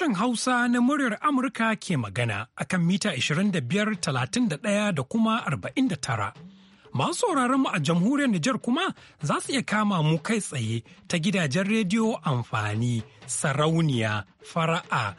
Sashen Hausa na muryar Amurka ke magana a kan mita 25,31 da kuma 49. Masu sauraron mu a jamhuriyar Nijar kuma za su iya kama mu kai tsaye ta gidajen rediyo amfani, sarauniya, fara'a,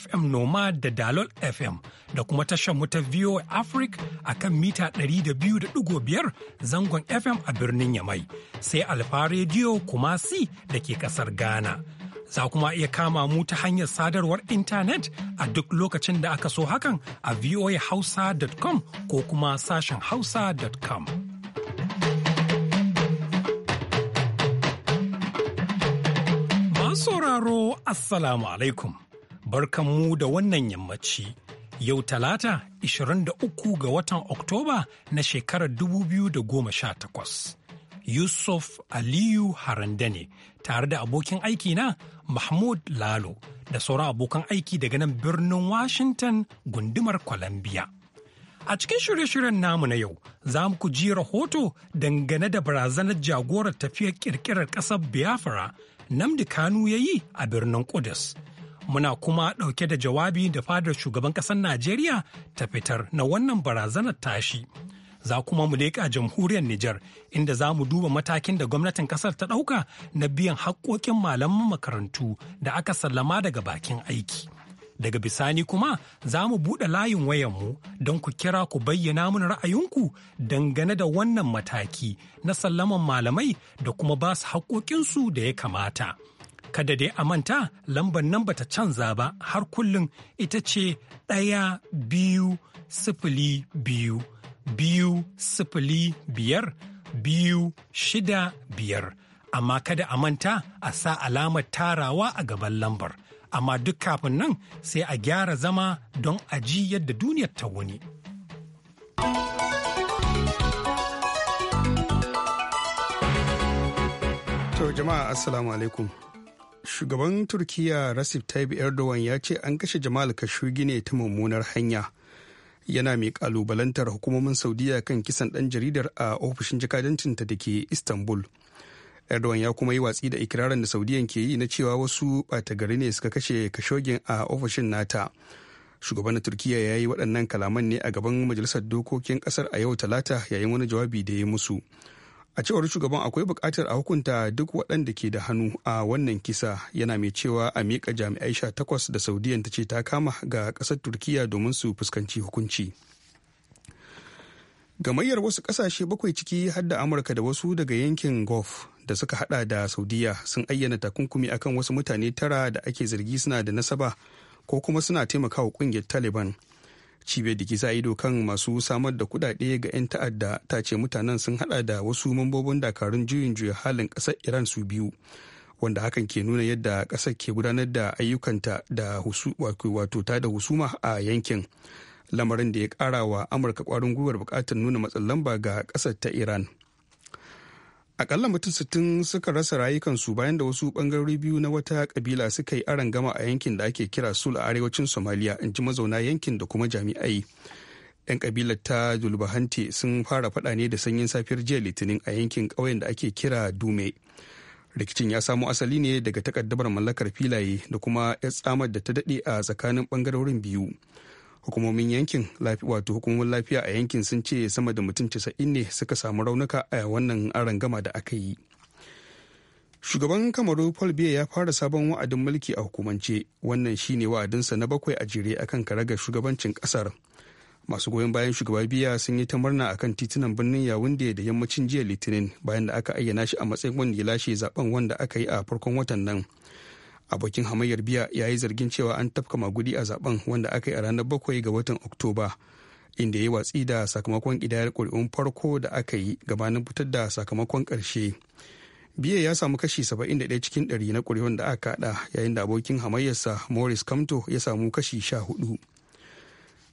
FM Noma da Dalol FM da kuma tashar mu ta VOA Africa a kan mita 200.5 zangon FM a birnin Yamai, sai Alfa Rediyo Kumasi da ke kasar Ghana. Za kuma iya kama mu ta hanyar sadarwar intanet a duk lokacin da aka so hakan a voahausa.com ko kuma sashen hausa.com. sauraro Assalamu alaikum, barkanmu da wannan yammaci. Yau talata 23 ga watan Oktoba na shekarar 2018. Yusuf Aliyu Harande ne tare da abokin aikina Mahmud Lalo da sauran abokan aiki daga nan birnin Washington gundumar Columbia. A cikin shirye-shiryen namu na yau, za mu ku ji rahoto dangane da barazanar jagorar tafiyar kirkirar ƙasar Biafra, Namdi Kanu ya yi a birnin Kudus. Muna kuma ɗauke da jawabi da fadar shugaban ƙasar Najeriya ta fitar na wannan barazanar tashi. za kuma mu leƙa jamhuriyar Nijar inda za mu duba matakin da gwamnatin kasar ta ɗauka na biyan haƙƙoƙin malaman makarantu da aka sallama daga bakin aiki. Daga bisani kuma za mu buɗe layin wayanmu don ku kira ku bayyana mun ra'ayinku dangane da wannan mataki na sallaman malamai da kuma ba su haƙƙoƙinsu da ya kamata. Kada dai a manta lambar nan bata canza ba har kullum ita ce ɗaya biyu sifili biyu biyu sifili biyar biyu shida biyar amma kada a manta a sa alamar tarawa a gaban lambar amma duk kafin nan sai a gyara zama don aji yadda duniyar ta wuni. To jama'a assalamu alaikum. Shugaban Turkiyya Recep Tayyip Erdogan ya ce an kashe Jamal kashugi ne ta mummunar hanya. yana mai kalubalantar hukumomin saudiya kan kisan ɗan jaridar a ofishin jakadancinta da ke istanbul erdogan ya kuma yi watsi da ikirarin da saudiyan ke yi na cewa wasu bata gari ne suka kashe kashogin a ofishin nata shugaban na turkiya ya yi waɗannan kalaman ne a gaban majalisar dokokin ƙasar a yau talata yayin wani jawabi da ya yi musu a cewar shugaban akwai bukatar a hukunta duk waɗanda ke da hannu a wannan kisa yana mai cewa a miƙa jami'ai sha takwas da saudiyan ta ce ta kama ga ƙasar turkiya domin su fuskanci hukunci gamayyar wasu ƙasashe bakwai ciki har da amurka da wasu daga yankin gulf da suka hada da saudiya sun ayyana takunkumi akan wasu mutane tara da ake zargi suna da nasaba ko kuma suna taimakawa ƙungiyar taliban cibiyar da ke sa ido kan masu samar da kuɗaɗe ga 'yan ta'adda ta ce mutanen sun hada da wasu mambobin dakarun juyin juya halin ƙasar iran su biyu wanda hakan ke nuna yadda ƙasar ke gudanar da ayyukanta da wato ta da husuma a yankin lamarin da ya ƙara wa amurka kwarin gwiwar buƙatar nuna matsin lamba ga ƙasar ta iran akalla mutum sittin suka rasa rayukansu bayan da wasu bangarori biyu na wata kabila suka yi aron gama a yankin da ake kira sul a arewacin somalia in ji mazauna yankin da kuma jami'ai yan kabilar ta julbahante sun fara fada ne da sanyin safiyar jiya litinin a yankin ƙauyen da ake kira dume rikicin ya samo asali ne daga takaddabar mallakar filaye da kuma ya tsamar da ta daɗe a tsakanin bangarorin biyu hukumomin yankin wato hukumomin lafiya a yankin sun ce sama da mutum 90 ne suka samu raunuka a wannan arangama da aka yi shugaban kamaru paul biya ya fara sabon wa'adin mulki a hukumance wannan shine wa'adinsa na bakwai a jere akan karaga shugabancin kasar masu goyon bayan shugaba biya sun yi ta murna akan titunan birnin yawunde da yammacin jiya litinin bayan da aka ayyana shi a matsayin wanda ya lashe zaben wanda aka yi a farkon watan nan abokin hamayyar biya ya yi zargin cewa an tafka magudi a zaben wanda aka yi a ranar bakwai ga watan oktoba inda ya yi watsi da sakamakon ƙidayar ƙuri'un farko da aka yi gabanin fitar da sakamakon ƙarshe biya ya samu kashi saba'in da ɗaya cikin ɗari na ƙuri'un da aka kada yayin da abokin hamayyarsa morris kamto ya samu kashi sha 14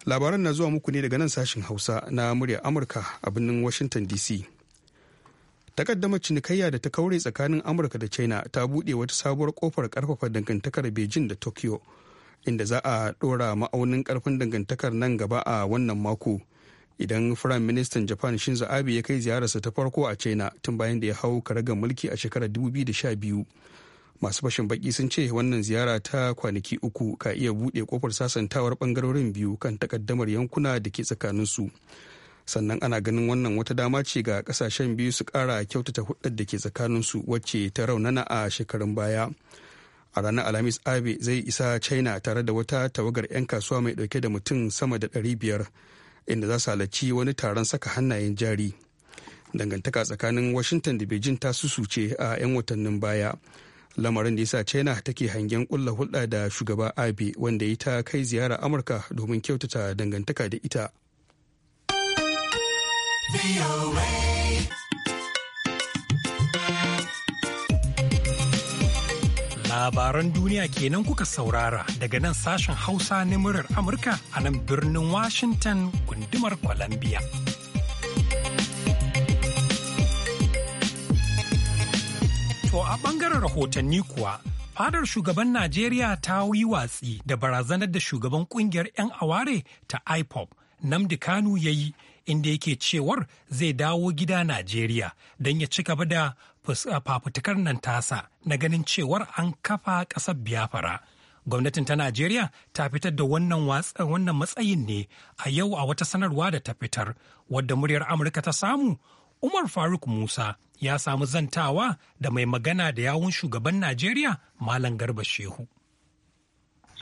labaran na zuwa muku ne daga nan sashin hausa na murya amurka a birnin washington dc takaddamar cinikayya da ta kaure tsakanin amurka da china ta buɗe wata sabuwar kofar karfafa dangantakar beijing da tokyo inda za a ɗora ma'aunin karfin dangantakar nan gaba a wannan mako idan firayim ministan japan shinzo abe ya kai ziyararsa ta farko a china tun bayan da ya hau karagar mulki a shekarar 2012 masu fashin baki sun ce wannan ziyara ta kwanaki uku ka iya buɗe kofar sasantawar ɓangarorin biyu kan takaddamar yankuna da ke tsakaninsu su sannan ana ganin wannan wata dama ce ga kasashen biyu su kara kyautata hudar da ke tsakaninsu wacce ta raunana a shekarun baya a ranar alhamis abe zai isa china tare da wata tawagar 'yan kasuwa mai dauke da mutum sama da biyar inda za su halarci wani taron saka hannayen jari dangantaka tsakanin washington da beijing ta susuce a 'yan watannin baya lamarin da ya sa china take hangen kulla hulɗa da shugaba abe wanda ya ta kai ziyara amurka domin kyautata dangantaka da ita Labaran duniya kenan kuka saurara daga nan sashen Hausa na murar Amurka a nan birnin Washington gundumar Columbia. To a ɓangaren rahotanni kuwa, fadar shugaban Najeriya ta yi watsi da barazanar da shugaban kungiyar 'yan aware ta IPOP, Namdi Kanu ya yi inda yake cewar zai dawo gida Najeriya don ya ci gaba da fafutukar nan tasa na ganin cewar an kafa ƙasar Biafra. Gwamnatin ta Najeriya ta fitar da wannan wannan matsayin ne a yau a wata sanarwa da ta fitar wadda muryar Amurka ta samu Umar Faruk Musa ya samu zantawa da mai magana da yawun shugaban Najeriya Malam Garba Shehu.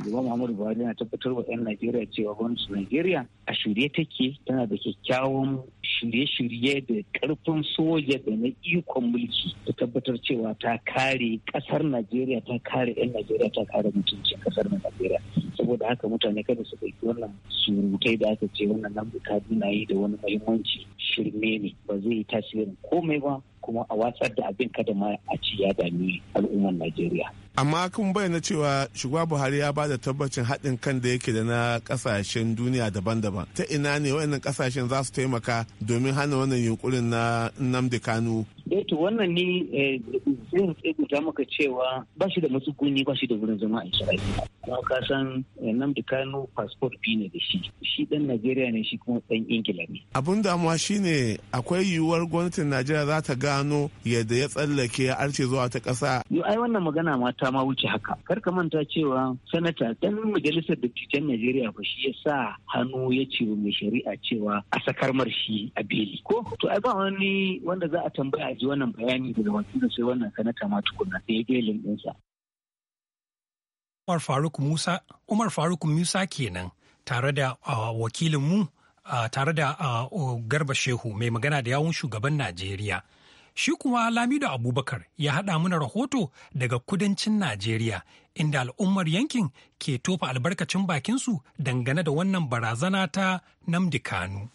shugaba muhammadu buhari yana tabbatar wa 'yan najeriya cewa gwamnatin najeriya a shirye take tana da kyakkyawan shirye-shirye da karfin soja da na ikon mulki ta tabbatar cewa ta kare kasar najeriya ta kare 'yan najeriya ta kare mutuncin kasar najeriya saboda haka mutane kada su ɗauki wannan surutai da aka ce wannan lambu ta yi da wani mahimmanci shirme ne ba zai yi tasirin komai ba kuma a watsar da abin kada ma a ci ya dami al'ummar najeriya amma kun bayyana cewa shugaba buhari ya bada tabbacin haɗin kan da yake da na ƙasashen duniya daban-daban ta ina ne waɗannan kasashen za su taimaka domin hana wannan yunkurin na Nnamdi Kanu eh wannan ni eh, zai guda maka cewa ba shi da matsuguni ba shi da wurin zama a Isra'ila kuma ka san eh, da Kano passport biyu ne da shi shi dan Najeriya ne shi kuma ɗan Ingila ne abun damuwa shine akwai yiwuwar gwamnatin Najeriya za ta gano yadda ya tsallake ya arce zuwa ta ƙasa yo ai wannan magana ma ta ma wuce haka kar ka manta cewa sanata dan majalisar dattijan Najeriya ba shi ya sa hannu ya ce mai shari'a cewa a sakar shi a beli ko to ai ba wani wanda za a tambaya ji wannan bayani daga wakilin sai wannan sanata ma tukuna sai ya gelin ɗinsa. Umar Faruk Musa Umar Faruk kenan tare da wakilin mu tare da Garba Shehu mai magana da yawun shugaban Najeriya. Shi kuma Lamido Abubakar ya haɗa mana rahoto daga kudancin Najeriya inda al'ummar yankin ke tofa albarkacin bakinsu dangane da wannan barazana ta Namdi Kanu.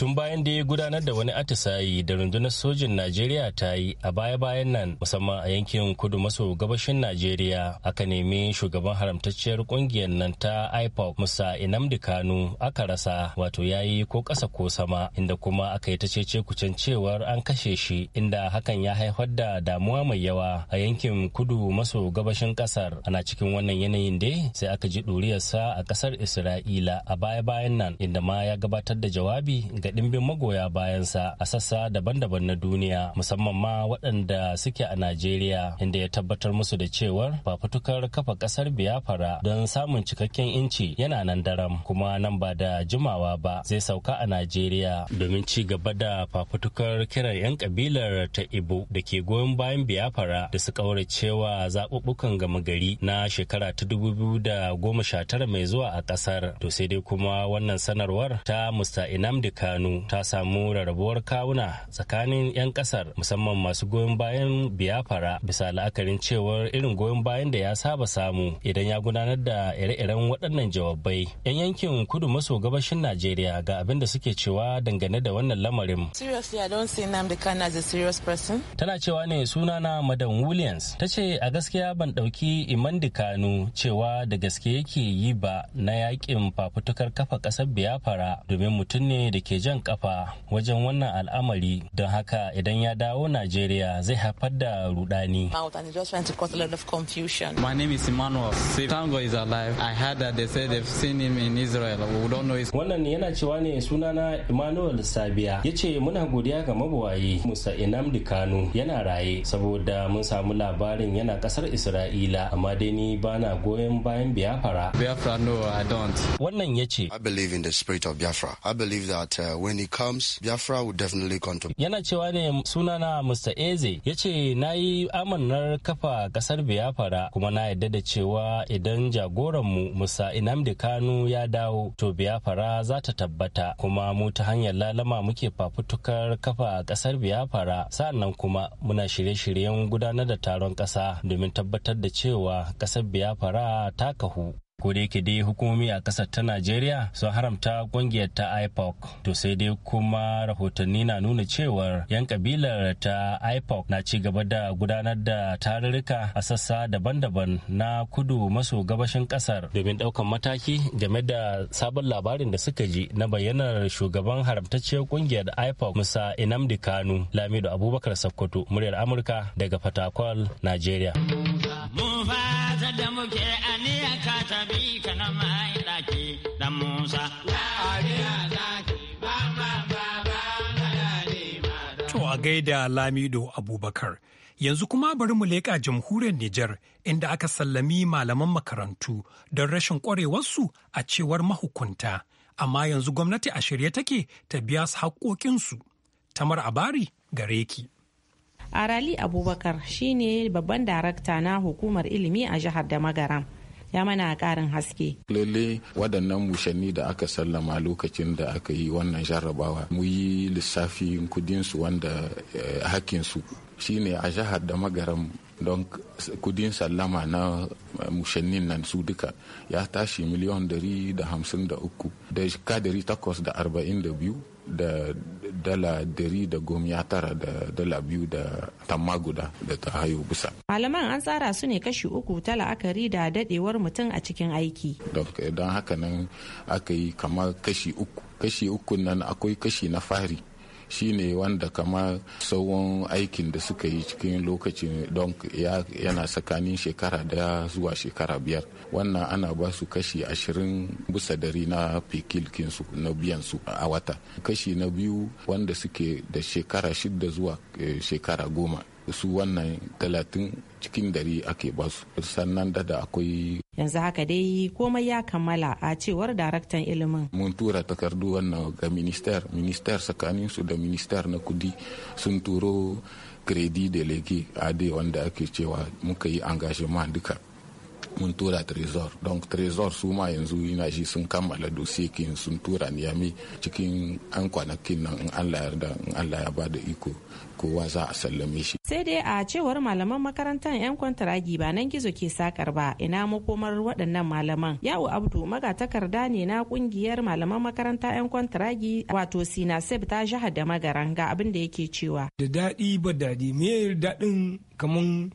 tun bayan da ya gudanar da wani atisayi da rundunar sojin najeriya ta yi a baya-bayan nan musamman a yankin kudu maso gabashin najeriya aka nemi shugaban haramtacciyar kungiyar nan ta ipoc musa inamdi kanu aka rasa wato ya yi ko kasa ko sama inda kuma aka yi ta cece kucin cewar an kashe shi inda hakan ya haifar da damuwa mai yawa a yankin kudu maso gabashin kasar ana cikin wannan yanayin dai sai aka ji sa a kasar isra'ila a baya-bayan nan inda ma ya gabatar da jawabi ga da ɗimbin magoya bayansa a sassa daban-daban na duniya musamman ma waɗanda suke a Najeriya inda ya tabbatar musu da cewar fafutukar kafa ƙasar biyafara don samun cikakken inci yana nan daram kuma nan ba da jimawa ba zai sauka a Najeriya domin ci gaba da fafutukar kiran 'yan kabilar ta Ibo da ke goyon bayan biyafara da su cewa zaɓuɓɓukan gama gari na shekara ta 2019 mai zuwa a ƙasar to sai dai kuma wannan sanarwar ta Musta Inamdi Kano shanu ta samu rarrabuwar kawuna tsakanin 'yan kasar musamman masu goyon bayan biyafara bisa la'akarin cewar irin goyon bayan da ya saba samu idan ya gudanar da ire-iren waɗannan jawabai 'yan yankin kudu maso gabashin najeriya ga abin da suke cewa dangane da wannan lamarin tana cewa ne sunana madam williams ta ce a gaskiya ban ɗauki imandi kanu cewa da gaske yake yi ba na yakin fafutukar kafa ƙasar biyafara domin mutum ne da ke jan jan kafa wajen wannan al'amari don haka idan ya dawo najeriya zai haifar da rudani my name is emmanuel tango is alive i heard that they say they've seen him in israel we don't know his wannan yana cewa ne sunana emmanuel Sabia. ya ce muna godiya ga mabuwayi musa inamdi kanu yana raye saboda mun samu labarin yana kasar isra'ila amma dai ni bana goyon bayan biafra biafra no i don't wannan ya ce i believe in the spirit of biafra i believe that uh, when he comes, Biafra will definitely come to. Yana cewa ne sunana Mr. Eze ya ce na yi amannar kafa kasar Biafra kuma na yadda da cewa idan jagoranmu Musa Inamdi Kanu ya dawo to Biafra za ta tabbata kuma mu ta hanyar lalama muke fafutukar kafa kasar Biafra sannan kuma muna shirye-shiryen gudanar da taron kasa domin tabbatar da cewa kasar Biafra ta kahu. ko da yake dai hukumomi a kasar ta najeriya sun haramta kungiyar ta ipoc to sai dai kuma rahotanni na nuna cewar yan kabilar ta ipoc na ci gaba da gudanar da tarurruka a sassa daban-daban na kudu maso gabashin kasar domin daukan mataki game da sabon labarin da suka ji na bayyanar shugaban haramtacciyar kungiyar ipoc musa inamdi kanu lamido abubakar sakkwato muryar amurka daga fatakwal najeriya To a gaida Lamido Abubakar. Yanzu kuma bari mu leƙa jamhuriyar Nijar inda aka sallami malaman makarantu don rashin ƙwarewarsu a cewar mahukunta. Amma yanzu gwamnati a shirye take ta biya su haƙoƙinsu. Tamar Abari gare ki. Arali Abubakar shine babban darakta na hukumar ilimi a jihar da magaram. ya mana karin haske. Lalle waɗannan mushanni da aka sallama lokacin da aka yi wannan jarrabawa mu yi lissafin kudinsu wanda eh, hakinsu shine a jihar da magaram don kudin sallama na eh, mushannin nan su duka ya tashi miliyan 153 da da biyu. da dala dari da goma ya tara da dala biyu da tamma guda da ta hayo bisa. Malaman an tsara su ne kashi uku ta la'akari da dadewar mutum a cikin aiki. Don haka nan aka yi kamar kashi uku. Kashi uku nan akwai kashi na fari shine wanda kama tsawon aikin da suka yi cikin lokacin don yana tsakanin shekara daya zuwa shekara biyar wannan ana ba su kashi ashirin bisa dari na fikilkinsu na biyansu a wata kashi na biyu wanda suke da shekara shida zuwa eh, shekara goma su wannan talatin cikin dari ake basu sannan da da akwai yanzu haka dai komai ya kammala a cewar daraktan ilimin mun tura takardu wannan ga minister minister tsakanin su da minister na kudi sun turo kredi delege ade wanda ake cewa muka yi engagement duka mun tura trésor donc trésor su ma yanzu ina shi sun kammala dossier kin sun tura niyami cikin an kwanakin nan in Allah yarda in Allah ya bada iko kowa za a sallame shi. Sai dai a cewar malaman makarantar 'yan kwantaragi ba nan gizo ke sakar ba ina makomar waɗannan malaman. yawu Abdu magatakarda ne na kungiyar malaman makaranta 'yan kwantaragi wato Sef ta jihar da magaran ga abin da yake cewa. Da daɗi ba daɗi me daɗin kaman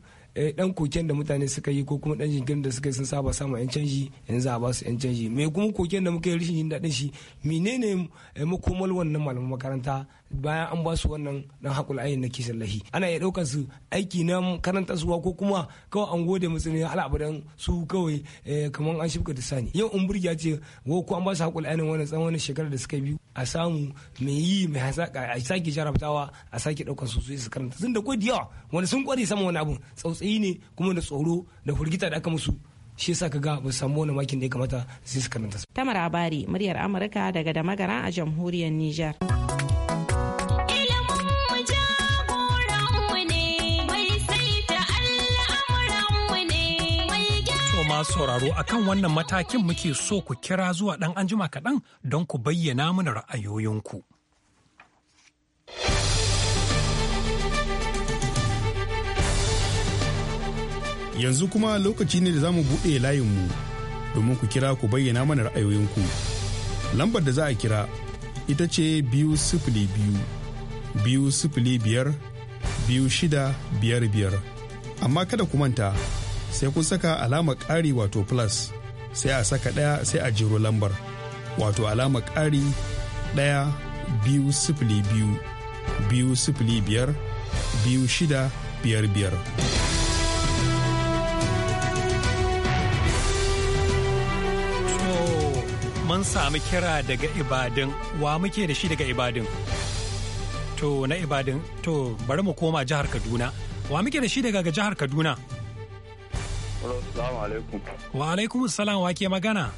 dan eh, koken da mutane suka yi ko kuma dan jinkirin da suka yi sun saba samun yan canji yanzu a basu yan canji me kuma koken da muka yi rashin yin daɗin shi menene eh, makomar wannan malaman makaranta bayan an ba su wannan dan hakul ayin na kisan lahi ana iya daukar su aiki na karanta suwa ko kuma kawai an gode musu ne al'abadan su kawai eh, kamar an shifka da sani yau in burgiya ce ko ko an ba su hakul ayin wannan tsawon wani shekarar da suka biyu a samu mai yi mai hasaka a sake jarabtawa a sake daukar su su karanta sun da godiya yawa wani sun kware sama wani abu tsautsayi ne kuma da tsoro da furgita da aka musu shi yasa ga ba samu wani makin da ya kamata sai su karanta. su. Tamar Abari, muryar Amurka daga Damagara a jamhuriyar Nijar. masu sauraro akan wannan matakin muke so ku kira zuwa ɗan anjima kaɗan don ku bayyana mana ra'ayoyinku. Yanzu kuma lokaci ne da za mu buɗe layinmu domin ku kira ku bayyana mana ra'ayoyinku. Lambar da za a kira ita ce biyu sifili biyu, biyu sifili biyar, biyu shida biyar biyar. Amma kada ku manta sai kun saka alama ƙari wato plus sai a saka ɗaya sai a jiro lambar wato alama ƙari ɗaya biyu sifili biyu biyu sifili biyar biyu shida biyar biyar. mun sami kira daga ibadin wa muke da shi daga ibadin to na ibadin to bari mu koma jihar kaduna wa muke da shi daga jihar kaduna Assalamu alaikum. Wa alaikum salam wa ke magana?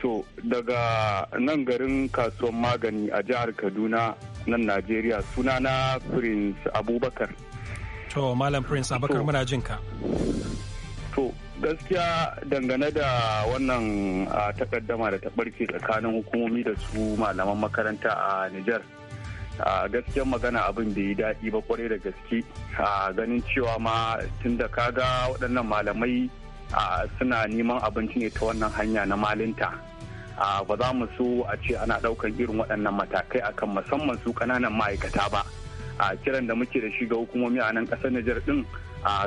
To daga nan garin kasuwan magani a jihar Kaduna nan Najeriya suna na Prince Abubakar. To Malam Prince Abubakar muna jin ka. To gaskiya dangane da wannan ah, takaddama da ta barke tsakanin hukumomi da su malaman makaranta a Nijar. a gaskiyar magana abin bai yi daɗi ba kwarai da gaske a ganin cewa ma tun da kaga waɗannan malamai suna neman abinci ne ta wannan hanya na malinta ba za mu so a ce ana ɗaukar irin waɗannan matakai akan musamman su ƙananan ma'aikata ba a kiran da muke da shi ga hukumomi a nan ƙasar Nijar ɗin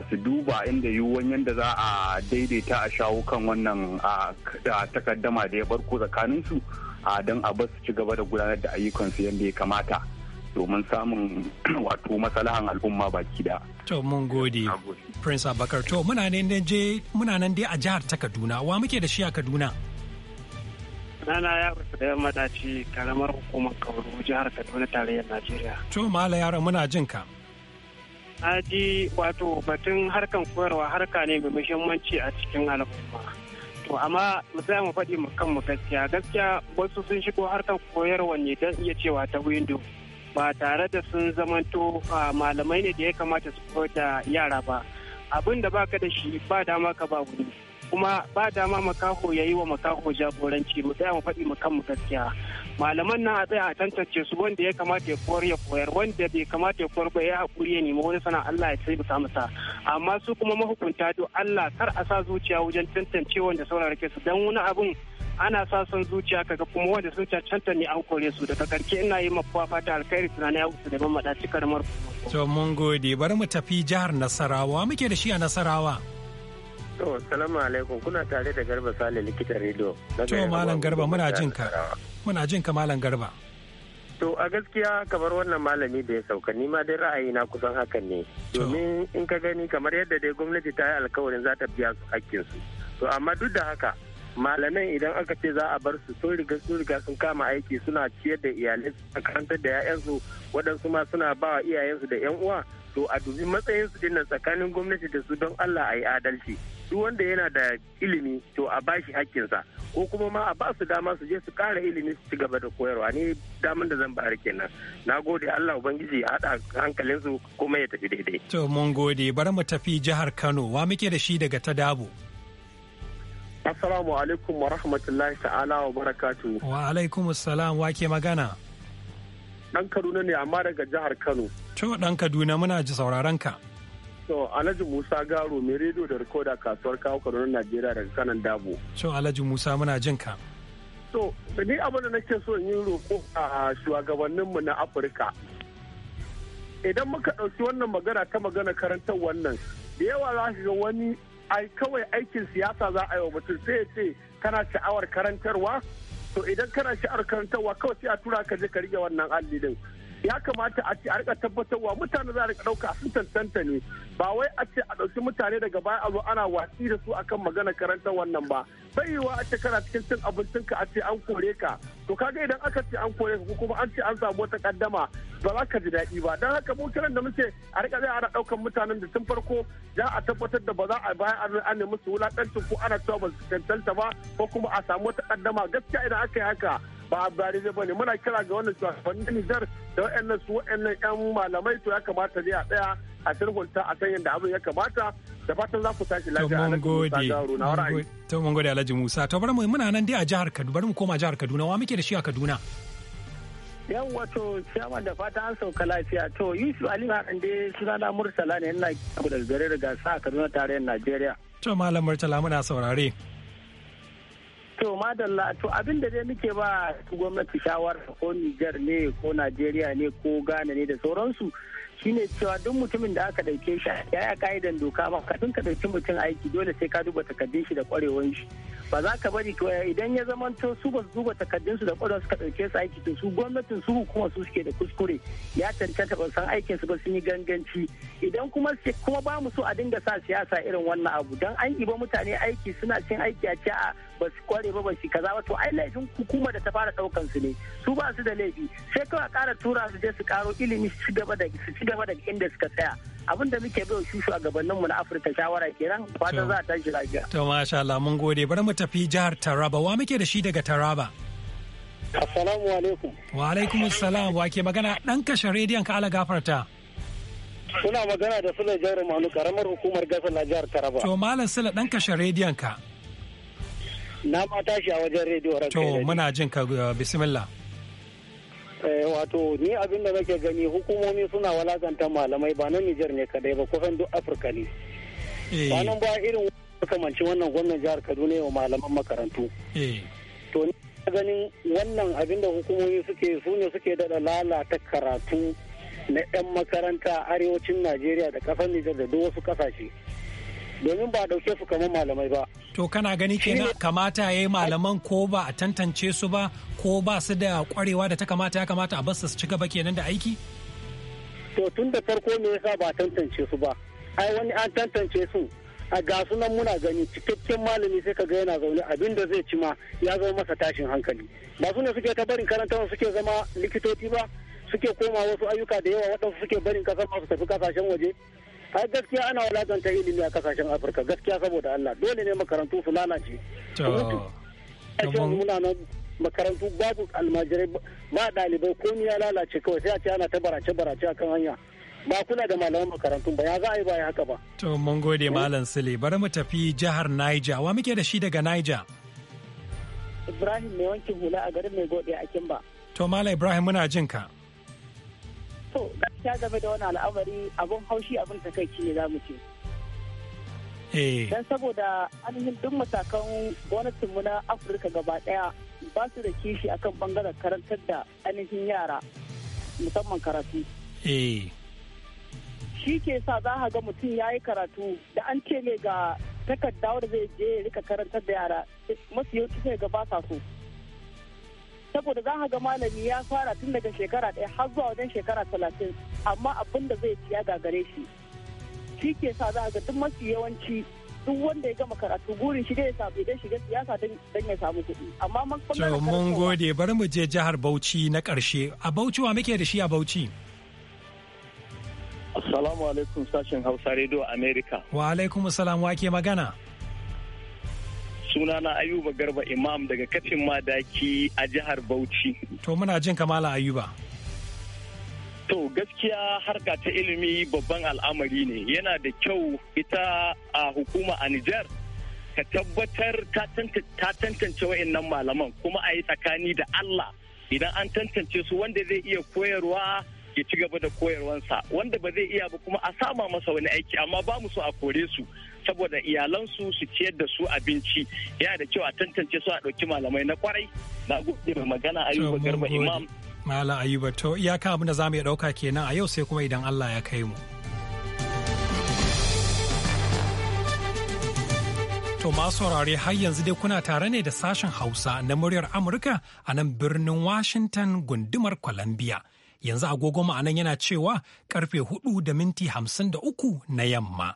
su duba inda yiwuwan yadda za a daidaita a shawo kan wannan takaddama da ya barko tsakaninsu don a su ci gaba da gudanar da ayyukansu yadda ya kamata. domin samun wato masalahan al'umma baki da. To mun gode. Prince Abakar to muna nan je muna nan dai a jihar ta Kaduna wa muke da shi a Kaduna. Nana ya rufe da madaci karamar hukumar Kauru jihar Kaduna tarayyar Najeriya. To mala yara muna jin ka. Aji wato batun harkan koyarwa harka ne mai muhimmanci a cikin al'umma. to amma mu misali mu faɗi mu kan mu gaskiya gaskiya wasu sun shigo harkar koyarwa ne don iya cewa ta window ba tare da sun zamanto malamai ne da ya kamata su da yara ba abin da baka da shi ba dama ka ba wuri kuma ba dama makaho ya yi wa makaho jagoranci mu tsaya mu faɗi mu gaskiya malaman na a tsaya a tantance su wanda ya kamata ya koyar ya koyar wanda bai kamata ya koyar ba ya hakuri ya nemi wani sana Allah ya sai bisa masa amma su kuma mahukunta do Allah kar a sa zuciya wajen tantance wanda saurara ke su dan wani abun ana sa son zuciya kaga kuma wanda sun cancanta ne an kore su daga karshe ina yi mafuwa fata alkhairi tunani ya kusa daban cikar karamar to mun gode bari mu tafi jihar nasarawa muke da shi a nasarawa to salamu alaikum kuna tare da garba sale likitan rediyo to malam garba muna jin ka muna jin ka malam garba to a gaskiya kamar wannan malami da ya sauka ni ma dai ra'ayi na kusan hakan ne domin in ka gani kamar yadda dai gwamnati ta yi alkawarin za ta biya su haƙƙinsu. to amma duk da haka malamai idan aka ce za a bar su sun riga sun riga sun kama aiki suna ciyar da iyalai suna karantar da 'ya'yansu wadansu ma suna ba wa iyayensu da 'yan uwa to a dubi matsayin su dinnan tsakanin gwamnati da su don Allah ayi adalci duk wanda yana da ilimi to a bashi sa ko kuma ma a ba su dama su je su kara ilimi su ci gaba da koyarwa ne daman da zan bayar kenan na gode Allah ubangiji ya haɗa hankalinsu kuma ya tafi daidai to mun gode bari mu tafi jihar Kano wa muke da shi daga Tadabo. dabo Assalamu alaikum wa rahmatullahi ta'ala wa barakatu. Wa alaikum assalam wa ke magana. Ɗan Kaduna ne amma daga jihar Kano. To ɗan Kaduna muna ji sauraron ka. To Alhaji Musa Garo mai rediyo da rikoda kasuwar kawo Kaduna Najeriya daga kanan Dabo. To Alhaji Musa muna jin ka. To ni abin da nake so in yi roƙo a shugabanninmu na Afirka. Idan muka ɗauki wannan magana ta magana karantar wannan da yawa za ga wani ai kawai aikin siyasa za a yi wa mutum sai ya ce kana sha'awar karantarwa to idan kana sha'awar karantarwa kawai sai a tura ka je ka rike wannan alli din ya kamata a ce a rika tabbatarwa mutane za a rika dauka sun tantanta ne ba wai a ce a ɗauki mutane daga baya a zo ana watsi da su akan magana karanta wannan ba bai yiwa a ce kana cikin cin abincin ka a ce an kore ka to kaga idan aka ce an kore ka kuma an ce an samu wata kaddama ba za ka ji daɗi ba don haka mu kiran da muke a rika zai ana daukan mutanen da tun farko za a tabbatar da ba za a baya an nemi su wulaƙancin ko ana cewa ba su cancanta ba ko kuma a samu wata kaddama gaskiya idan aka yi haka ba ba daidai ba ne muna kira ga wannan shugabannin Nijar da wa'annan su wa'annan 'yan malamai to ya kamata ne a tsaya a turgunta a san yadda abin ya kamata da fatan za ku tashi lafiya a gode to mun gode Alhaji Musa to bari mu muna nan dai a jihar Kaduna bari mu koma jihar Kaduna wa muke da shi a Kaduna yan wato ciyawa da fata an sauka lafiya to Yusuf Ali Hakan dai na Murtala ne ina daga gare gasa sa Kaduna tarayyar Najeriya to malam Murtala muna saurare To madalla to abin da dai muke ba su gwamnati shawara ko Nijar ne ko Najeriya ne ko Ghana ne da sauransu shine cewa duk mutumin da aka dauke shi ya ya ka'idan doka ba kafin ka dauki mutum aiki dole sai ka duba takardun shi da kwarewan shi ba za ka bari idan ya zamanta su ba su duba su da kwarar suka ɗauke su aiki to su gwamnatin su kuma su suke da kuskure ya cancanta ba san aikin su ba sun yi ganganci idan kuma kuma ba mu so a dinga sa siyasa irin wannan abu dan an ba mutane aiki suna cin aiki a ce a ba su kware ba ba shi kaza ba to ai laifin hukuma da ta fara daukan su ne su ba su da laifi sai kawai a kara tura su je su karo ilimi su ci gaba da inda suka tsaya abin da muke bai shi shugabanninmu na afirka shawara kenan fatan za a tashi lafiya to masha Allah mun gode bari mu tafi jihar taraba wa muke da shi daga taraba assalamu alaikum wa alaikum assalam wa ke magana dan kashe rediyon ka ala gafarta Suna magana da Sule Jauro Manu karamar hukumar gasar na jihar Taraba. To Malam Sule ɗan kashe rediyon ka. Na ma tashi a wajen rediyo To muna jin ka uh, bismillah. Eh, wato ni abin da nake gani hukumomi suna walakanta malamai ba na Nijar ne kadai ba kusan duk Afirka ne. Kwanan eh. ba irin makamanci wannan gwamnan jihar Kaduna yau malaman makarantu. Eh. To ni ganin wannan abin da hukumomi suke su ne suke daɗa lalata karatu na 'yan makaranta arewacin Najeriya da ƙasar Nijar da duk wasu kasashe domin ba dauke su kamar malamai ba to kana gani kenan kamata ya yi malaman ko ba a tantance su ba ko ba su da kwarewa da ta kamata ya kamata a basu su ci gaba kenan da aiki to tun da farko ne yasa ba a tantance su ba ai wani an tantance su a ga sunan muna gani cikakken malami sai ka ga yana zaune abin da zai ci ma ya zama masa tashin hankali ba su ne suke ta barin karantarwa suke zama likitoci ba suke koma wasu ayyuka da yawa waɗansu suke barin kasar masu tafi kasashen waje ai gaskiya ana wulakanta ilimi a kasashen afirka gaskiya saboda allah dole ne makarantu su lalace muna nan makarantu babu almajirai ba dalibai komi ya lalace kawai sai a ce ana ta barace barace akan hanya ba kula da malaman makarantu ba ya za a yi ba ya haka ba to mun gode hmm? malam sule bari mu tafi jihar niger wa muke da shi daga niger ibrahim mai wankin hula a garin mai gode a kimba to malam ibrahim muna jin ka To, gaskiya game da wani al'amari abin haushi abin takaici ne za mu ce. Eh. Don saboda ainihin duk matakan gwamnatinmu na Afirka gaba ɗaya ba su da kishi akan bangaren karantar da ainihin yara musamman karatu. Eh. Shi ke sa za ga mutum ya yi karatu da an ce mai ga takarda da zai je ya rika karantar da yara masu yau sai ga ba sa so. saboda za ga malami ya fara tun daga shekara ɗaya har zuwa wajen shekara talatin amma abin da zai ciya gagare shi shi ke sa za ga duk mafi yawanci duk wanda ya gama karatu burin shi ya samu idan shiga siyasa don ya samu kuɗi amma man to mun gode bari mu je jihar Bauchi na karshe a Bauchi wa muke da shi a Bauchi Assalamu alaikum sashen Hausa Radio America Wa alaikum salam wa ke magana sunana ayuba garba imam daga kafin madaki a jihar bauchi to muna jin kamala ayuba To gaskiya harka ta ilimi babban al'amari ne yana da kyau ita a hukuma a Nijar ka tabbatar ta tantance wa'annan malaman kuma a yi tsakani da Allah idan an tantance su wanda zai iya koyarwa ya ci gaba da koyarwansa wanda ba zai iya ba kuma a sama masa wani aiki amma ba mu so a kore su saboda iyalansu su ciyar da su abinci yana da kyau a tantance su a ɗauki malamai na kwarai na gode mai magana ayuba garba imam malam ayuba to iyaka abin da za mu iya ɗauka kenan a yau sai kuma idan allah ya kai mu To masu saurare har yanzu dai kuna tare ne da sashen Hausa na muryar Amurka a nan birnin Washington gundumar Columbia. Yanzu agogo ma'anan yana cewa karfe hudu da minti hamsin da uku na yamma.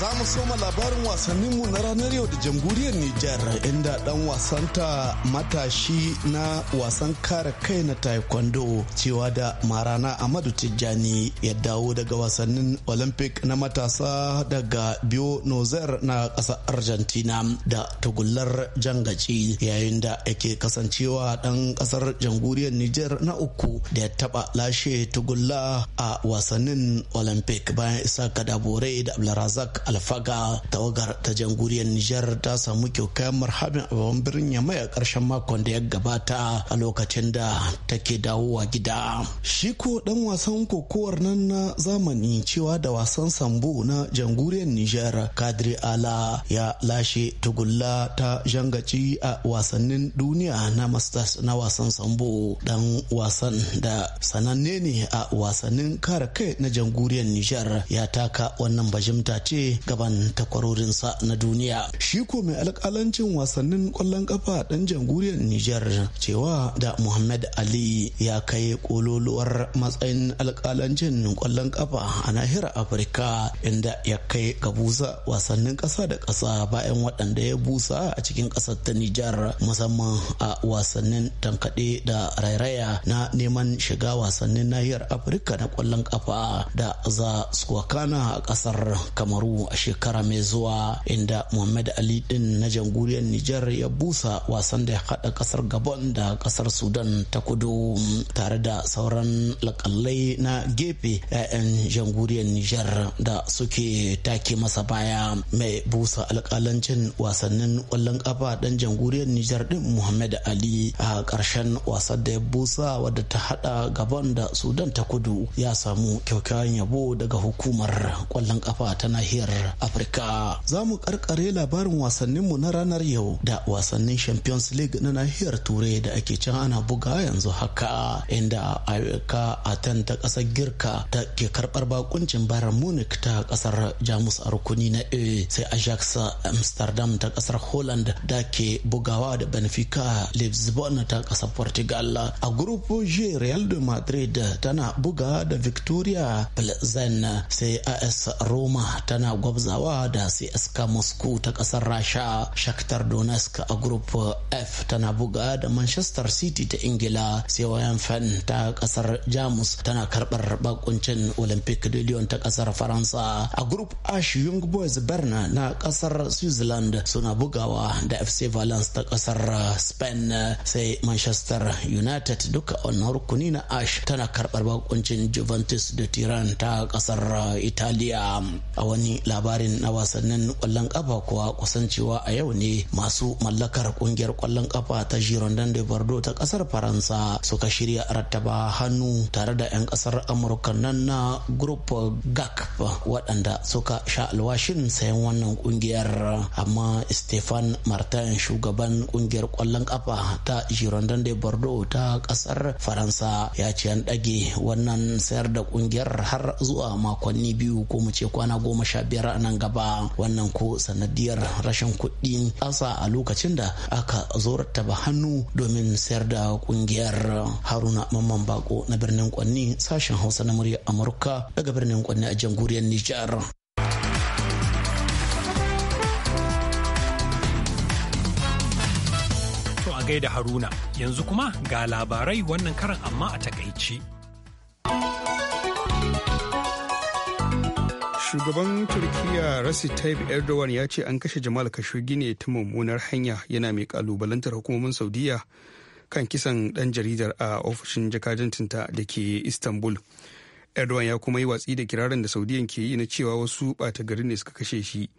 za mu soma labarin wasanninmu na ranar yau da jamhuriyar Nijar inda dan wasanta matashi na wasan kare kai na taekwondo cewa da marana Amadu Tijjani ya dawo daga wasannin Olympic na matasa daga biyo Nozer na ƙasar Argentina da jan jangaci yayin da yake kasancewa dan ƙasar jamhuriyar Nijar na uku da ya taɓa lashe tugulla a wasannin Olympic bayan isa kadabore da Abdulrazak alfaga tawagar ta janguriyar nijar ta samu kyaukayen marhabin a babban birnin yamai a ƙarshen makon da ya gabata a lokacin da take dawowa gida shi ko dan wasan kokowar nan na zamani cewa da wasan sambo na janguriyar nijar kadri ala ya lashe tugulla ta jangaci a wasannin duniya na masters na wasan sambo dan wasan da sananne ne a wasannin kare kai na jamhuriyar nijar ya taka wannan bajimta ce gaban takwarorinsa na duniya. Shi ko mai alƙalancin wasannin ƙwallon ƙafa ɗan jamhuriyar Nijar cewa da Muhammad Ali ya kai ƙololuwar matsayin alƙalancin ƙwallon ƙafa a nahiyar Afirka inda ya kai ga busa wasannin ƙasa da ƙasa bayan waɗanda ya busa a cikin ƙasar ta Nijar musamman a wasannin tankaɗe da rairaya na neman shiga wasannin nahiyar Afirka na ƙwallon ƙafa da za su kana a ƙasar Kamaru a shekara mai zuwa inda muhammad ali din na janguriyar nijar ya busa wasan da ya hada kasar gabon da kasar sudan ta kudu tare da sauran lakallai na gefe 'ya'yan janguriyar nijar da suke take masa baya mai busa alkalancin wasannin ƙwallon ƙafa dan jamhuriyar nijar din muhammad ali a ƙarshen wasan da ya busa wadda ta hada gabon da sudan ta kudu ya samu kyaukyawan yabo daga hukumar ƙwallon ƙafa ta nahiyar afirka za mu karkare labarin wasanninmu na ranar yau da wasannin champions league na nahiyar turai da ake can ana buga yanzu haka inda ayyuka a ta kasar girka ta ke karbar bakuncin bayern munich ta kasar jamus a rukuni na a sai ajax amsterdam ta kasar holland da ke bugawa da benfica lisbon ta kasar portugal a grupo g real de madrid tana buga da victoria plzen sai as roma tana gwabzawa da CSKA Moscow ta kasar Rasha, Shakhtar Donetsk a Group F tana buga da Manchester City ta Ingila, sai wayan fan ta kasar Jamus tana karbar bakuncin Olympic de Lyon ta kasar Faransa. A Group H Young Boys Berna na kasar Switzerland suna bugawa da FC Valence ta kasar Spain, sai Manchester United duka wannan rukuni na Ash tana karbar bakuncin Juventus da Tiran ta kasar Italiya. A wani labarin na wasannin kwallon kafa kuwa kusancewa a yau ne masu mallakar kungiyar kwallon kafa ta girondin de bordeaux ta kasar faransa suka shirya rattaba hannu tare da 'yan kasar amurka nan na group gac waɗanda suka sha alwashin sayan wannan kungiyar amma stefan martin shugaban kungiyar kwallon kafa ta girondin de bordeaux ta kasar faransa ya ce an ɗage wannan sayar da kungiyar har zuwa makonni biyu ko mu ce kwana goma sha biyar biyar nan gaba wannan ko sanadiyar rashin kuɗi ƙasa a lokacin da aka zorata ba hannu domin sayar da kungiyar haruna mamman bako na birnin kwanni sashen hausa na murya amurka daga birnin kwanni a jamhuriyar nijar to gaida haruna yanzu kuma ga labarai wannan karan amma a takaici. shugaban Turkiyya recep tayyip erdogan ya ce an kashe jamal khashoggi ne ta mummunar hanya yana mai kalubalantar hukumomin saudiya kan kisan dan jaridar a ofishin jakajantinta da ke istanbul erdogan ya kuma yi watsi da kirarin da saudiyan ke yi na cewa wasu bata gari ne suka kashe shi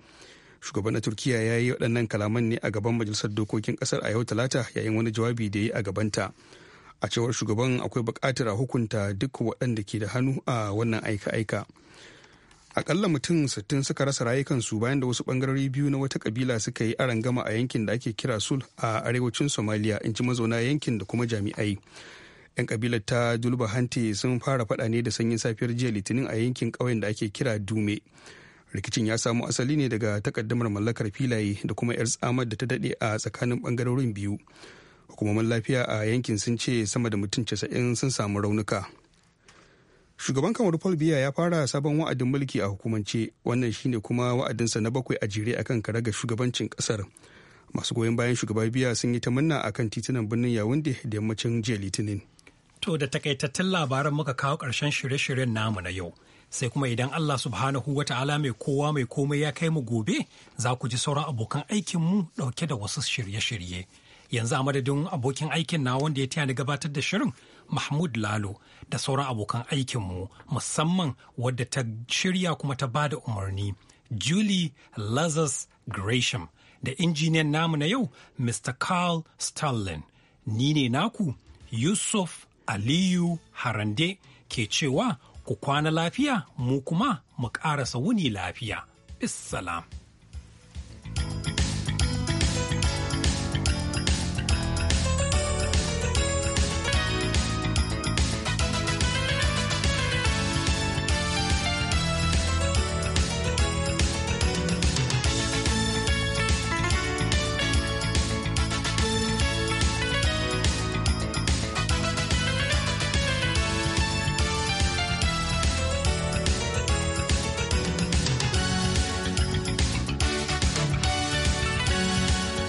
shugaban na turkiya ya yi waɗannan kalaman ne a gaban majalisar dokokin kasar a yau talata yayin wani jawabi da ya yi a gabanta a cewar shugaban akwai buƙatar a hukunta duk waɗanda ke da hannu a wannan aika-aika akalla mutum 60 suka rasa rayukansu bayan da wasu bangarori biyu na wata kabila suka yi arangama a yankin da ake kira sul a arewacin somaliya in ji mazauna yankin da kuma jami'ai yan kabilar ta julba hanti sun fara fada ne da sanyin safiyar jiya litinin a yankin ƙauyen da ake kira dume rikicin ya samu asali ne daga takaddamar mallakar filaye da kuma yar tsamar da ta daɗe a tsakanin bangarorin biyu hukumomin lafiya a yankin sun ce sama da mutum 90 sun samu raunuka shugaban kamar paul biya ya fara sabon wa'adin mulki a hukumance wannan shine kuma wa'adinsa na bakwai a jere akan kare ga shugabancin kasar masu goyon bayan shugaba biya sun yi ta a akan titunan birnin yawunde da yammacin jiya litinin to da takaitattun labaran muka kawo karshen shirye-shiryen namu na yau sai kuma idan allah subhanahu wa ta'ala mai kowa mai komai ya kai mu gobe za ku ji sauran abokan aikin mu dauke da wasu shirye-shirye yanzu a madadin abokin aikin na wanda ya taya ni gabatar da shirin mahmud lalo da sauran abokan aikinmu musamman wadda ta shirya kuma ta bada umarni julie lazarus gresham da injiniyan namu na yau mr carl stalin ni ne naku yusuf aliyu harande ke cewa ku kwana lafiya mu kuma mu ƙarasa wuni lafiya. Bissalam.